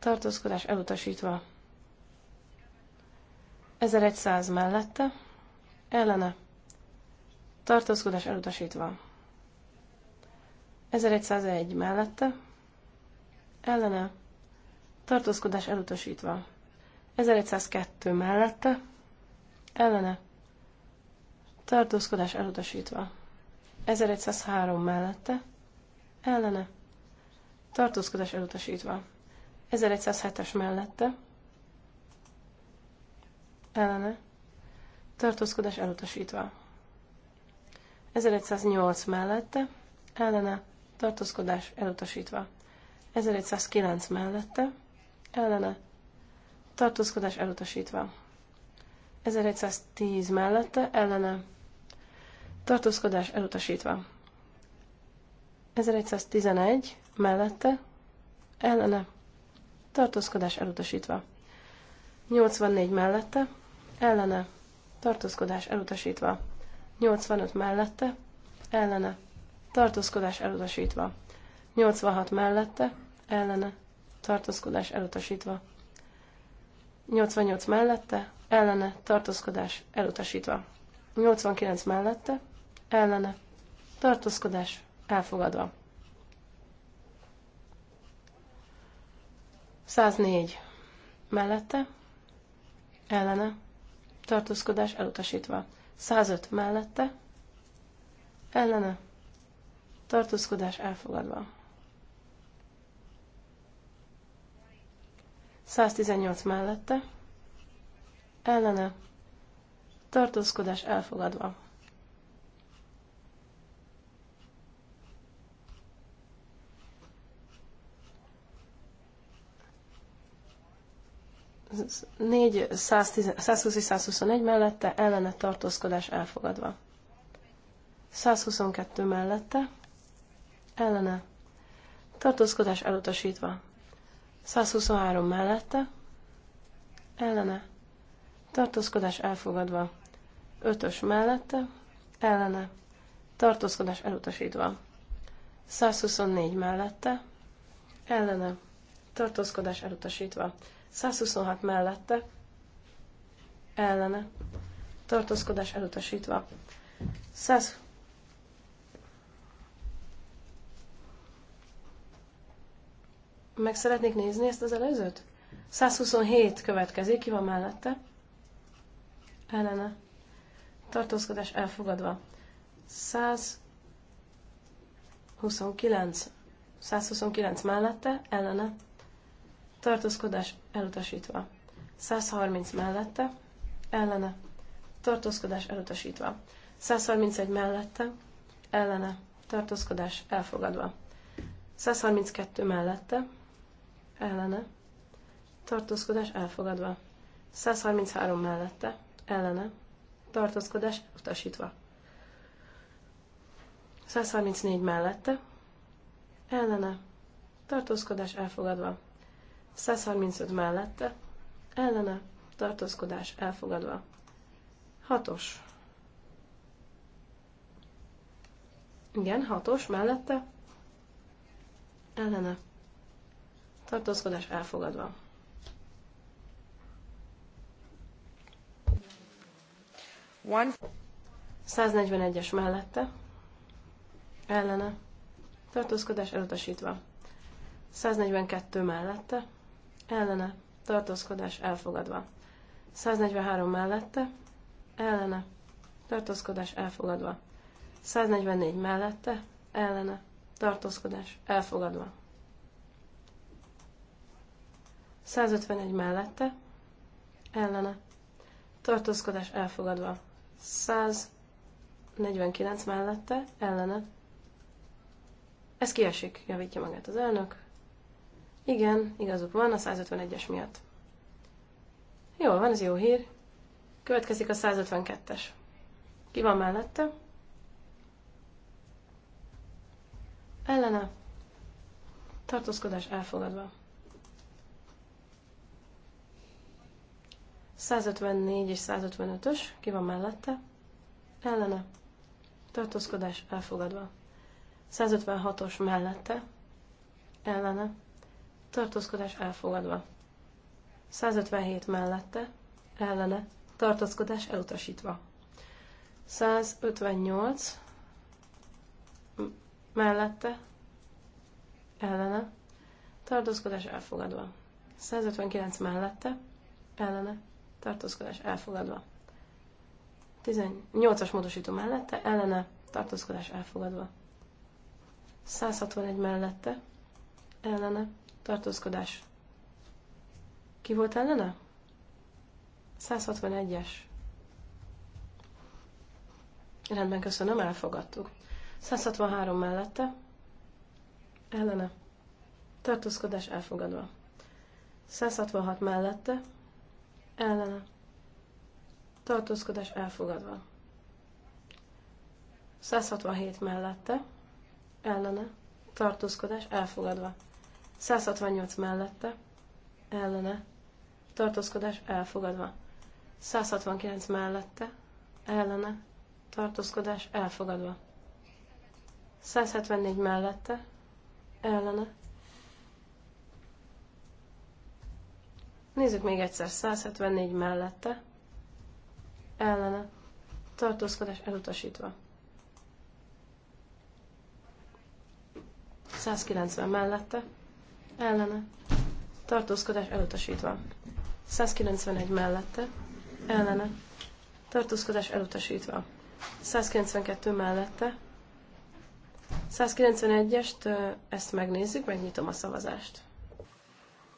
tartózkodás elutasítva. 1100 mellette, ellene, tartózkodás elutasítva. 1101 mellette, ellene, tartózkodás elutasítva. 1102 mellette, ellene, tartózkodás elutasítva. 1103 mellette, ellene, tartózkodás elutasítva. 1107-es mellette ellene tartózkodás elutasítva. 1108 mellette ellene tartózkodás elutasítva. 1109 mellette ellene tartózkodás elutasítva. 1110 mellette ellene tartózkodás elutasítva. 1111 mellette ellene tartózkodás elutasítva. 84 mellette, ellene, tartózkodás elutasítva. 85 mellette, ellene, tartózkodás elutasítva. 86 mellette, ellene, tartózkodás elutasítva. 88 mellette, ellene, tartózkodás elutasítva. 89 mellette, ellene, tartózkodás elfogadva. 104 mellette, ellene, tartózkodás elutasítva. 105 mellette, ellene, tartózkodás elfogadva. 118 mellette, ellene, tartózkodás elfogadva. 4, 110, 120 és 121 mellette ellene tartózkodás elfogadva. 122 mellette ellene tartózkodás elutasítva. 123 mellette ellene tartózkodás elfogadva. 5-ös mellette ellene tartózkodás elutasítva. 124 mellette ellene tartózkodás elutasítva. 126 mellette, ellene, tartózkodás elutasítva. 100 Meg szeretnék nézni ezt az előzőt? 127 következik, ki van mellette? Ellene. Tartózkodás elfogadva. 129. 129 mellette, ellene tartózkodás elutasítva. 130 mellette, ellene, tartózkodás elutasítva. 131 mellette, ellene, tartózkodás elfogadva. 132 mellette, ellene, tartózkodás elfogadva. 133 mellette, ellene, tartózkodás utasítva. 134 mellette, ellene, tartózkodás elfogadva. 135 mellette, ellene, tartózkodás elfogadva. 6-os. Igen, 6-os mellette, ellene, tartózkodás elfogadva. One. 141-es mellette, ellene, tartózkodás elutasítva. 142 mellette, ellene, tartózkodás elfogadva. 143 mellette, ellene, tartózkodás elfogadva. 144 mellette, ellene, tartózkodás elfogadva. 151 mellette, ellene, tartózkodás elfogadva. 149 mellette, ellene. Ez kiesik, javítja magát az elnök. Igen, igazuk van, a 151-es miatt. Jó, van, ez jó hír. Következik a 152-es. Ki van mellette? Ellene. Tartózkodás elfogadva. 154 és 155-ös, ki van mellette? Ellene. Tartózkodás elfogadva. 156-os mellette. Ellene tartózkodás elfogadva. 157 mellette, ellene, tartózkodás elutasítva. 158 mellette, ellene, tartózkodás elfogadva. 159 mellette, ellene, tartózkodás elfogadva. 18-as módosító mellette, ellene, tartózkodás elfogadva. 161 mellette, ellene, tartózkodás. Ki volt ellene? 161-es. Rendben, köszönöm, elfogadtuk. 163 mellette, ellene, tartózkodás elfogadva. 166 mellette, ellene, tartózkodás elfogadva. 167 mellette, ellene, tartózkodás elfogadva. 168 mellette, ellene, tartózkodás elfogadva. 169 mellette, ellene, tartózkodás elfogadva. 174 mellette, ellene. Nézzük még egyszer, 174 mellette, ellene, tartózkodás elutasítva. 190 mellette, ellene, tartózkodás elutasítva. 191 mellette, ellene, tartózkodás elutasítva. 192 mellette, 191-est, ezt megnézzük, megnyitom a szavazást.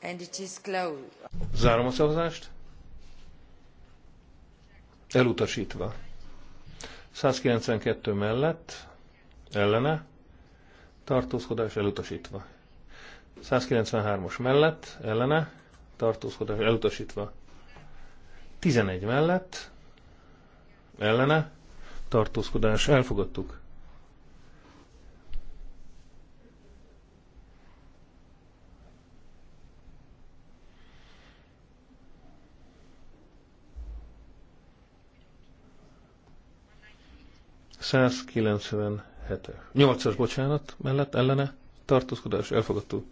And it is closed. Zárom a szavazást. Elutasítva. 192 mellett, ellene, tartózkodás elutasítva. 193-os mellett, ellene, tartózkodás elutasítva. 11 mellett, ellene, tartózkodás elfogadtuk. Százkilencven hete. Nyolcas bocsánat, mellett ellene tartózkodás elfogadtuk.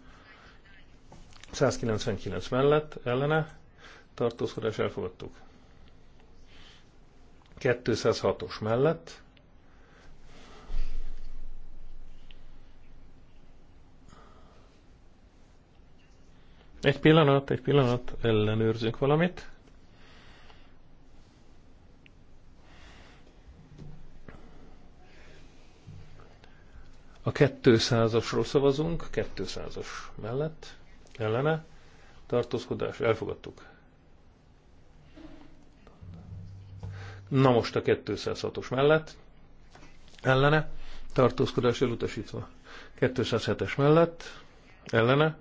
199 mellett ellene tartózkodás elfogadtuk. 206-os mellett Egy pillanat, egy pillanat, ellenőrzünk valamit. A 200-asról szavazunk, 200-as mellett ellene, tartózkodás, elfogadtuk. Na most a 206-os mellett, ellene, tartózkodás elutasítva. 207-es mellett, ellene,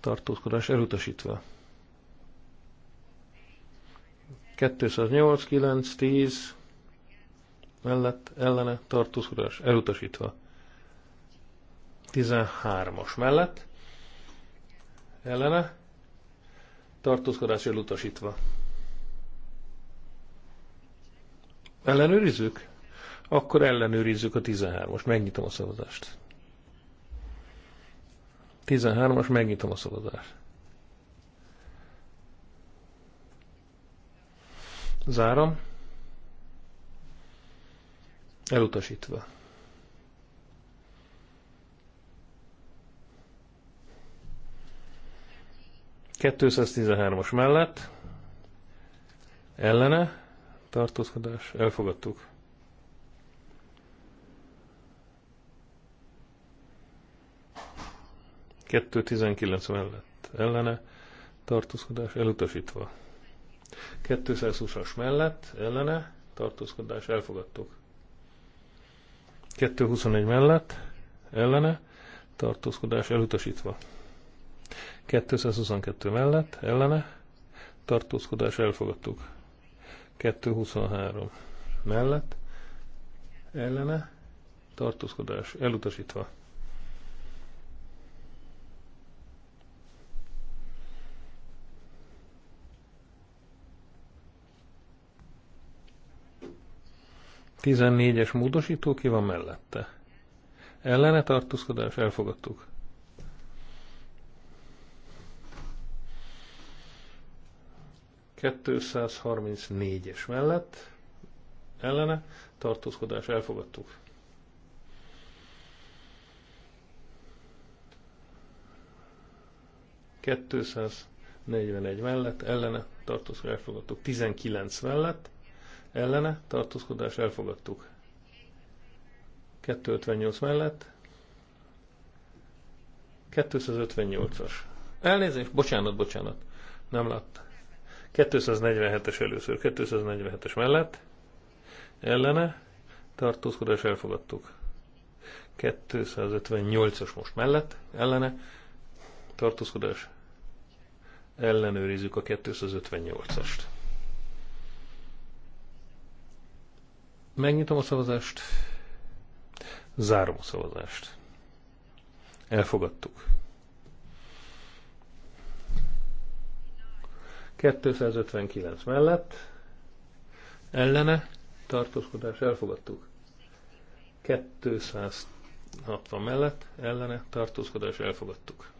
tartózkodás elutasítva. 208, 9, 10 mellett, ellene, tartózkodás elutasítva. 13-as mellett, ellene, tartózkodás elutasítva. Ellenőrizzük? Akkor ellenőrizzük a 13-as. Megnyitom a szavazást. 13-as, megnyitom a szavazást. Zárom. Elutasítva. 213-as mellett ellene tartózkodás elfogadtuk. Kettő tizenkilenc mellett ellene tartózkodás elutasítva. 220-as mellett ellene tartózkodás elfogadtuk. 221 mellett ellene tartózkodás elutasítva. 222 mellett, ellene, tartózkodás elfogadtuk. 223 mellett, ellene, tartózkodás elutasítva. Tizennégyes módosító ki van mellette. Ellene tartózkodás elfogadtuk. 234-es mellett ellene tartózkodás elfogadtuk. Kettőszáz mellett, ellene tartózkodás elfogadtuk. 19 mellett, ellene tartózkodás elfogadtuk. 258 mellett, 258-as. Elnézést, bocsánat, bocsánat. Nem látta. 247-es először, 247-es mellett, ellene, tartózkodás elfogadtuk. 258-as most mellett, ellene, tartózkodás, ellenőrizzük a 258-ast. Megnyitom a szavazást, zárom a szavazást. Elfogadtuk. 259 mellett ellene tartózkodás elfogadtuk. 260 mellett ellene tartózkodás elfogadtuk.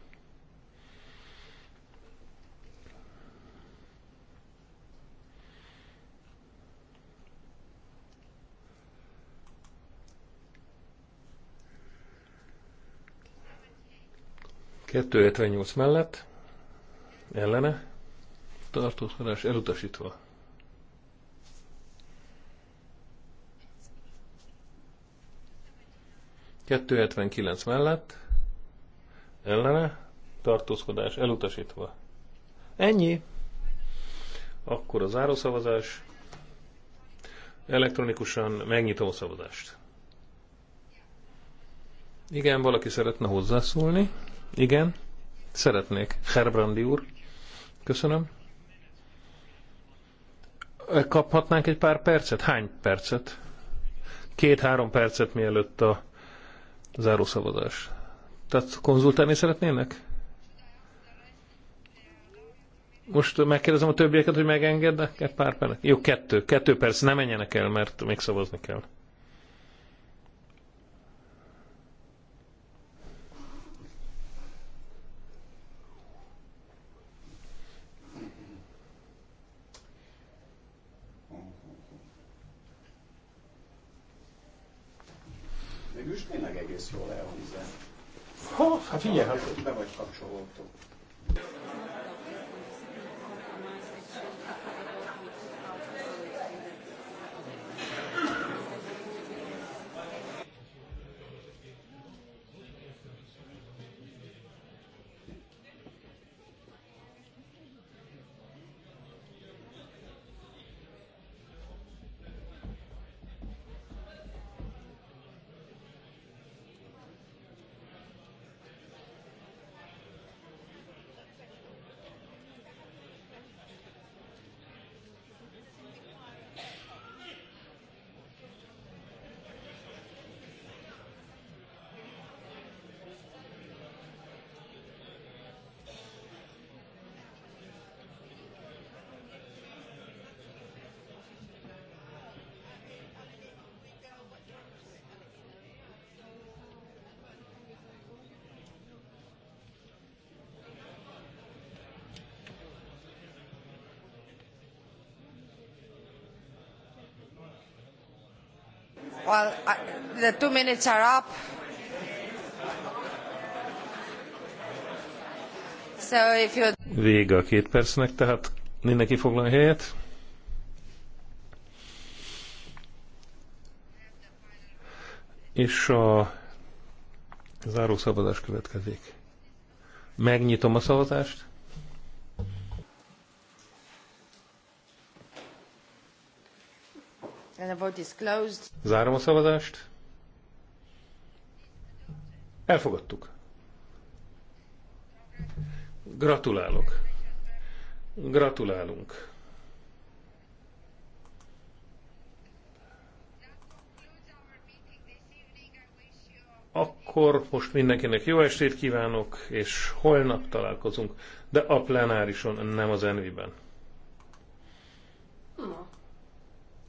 Kettő mellett ellene tartózkodás elutasítva. Kettő mellett ellene tartózkodás elutasítva. Ennyi. Akkor a zárószavazás. Elektronikusan megnyitom a szavazást. Igen, valaki szeretne hozzászólni. Igen, szeretnék. Herbrandi úr. Köszönöm kaphatnánk egy pár percet? Hány percet? Két-három percet mielőtt a zárószavazás. Tehát konzultálni szeretnének? Most megkérdezem a többieket, hogy megengednek egy pár percet? Jó, kettő. Kettő perc, ne menjenek el, mert még szavazni kell. végül is tényleg egész jól Ha Hát figyelj, hát. Be vagy kapcsolódtok. Well, I, the two minutes are up. So if you... Vége a két percnek, tehát mindenki foglalja helyet. És a záró szavazás következik. Megnyitom a szavazást. Zárom a szavazást. Elfogadtuk. Gratulálok. Gratulálunk. Akkor most mindenkinek jó estét kívánok, és holnap találkozunk, de a plenárison, nem az enviben.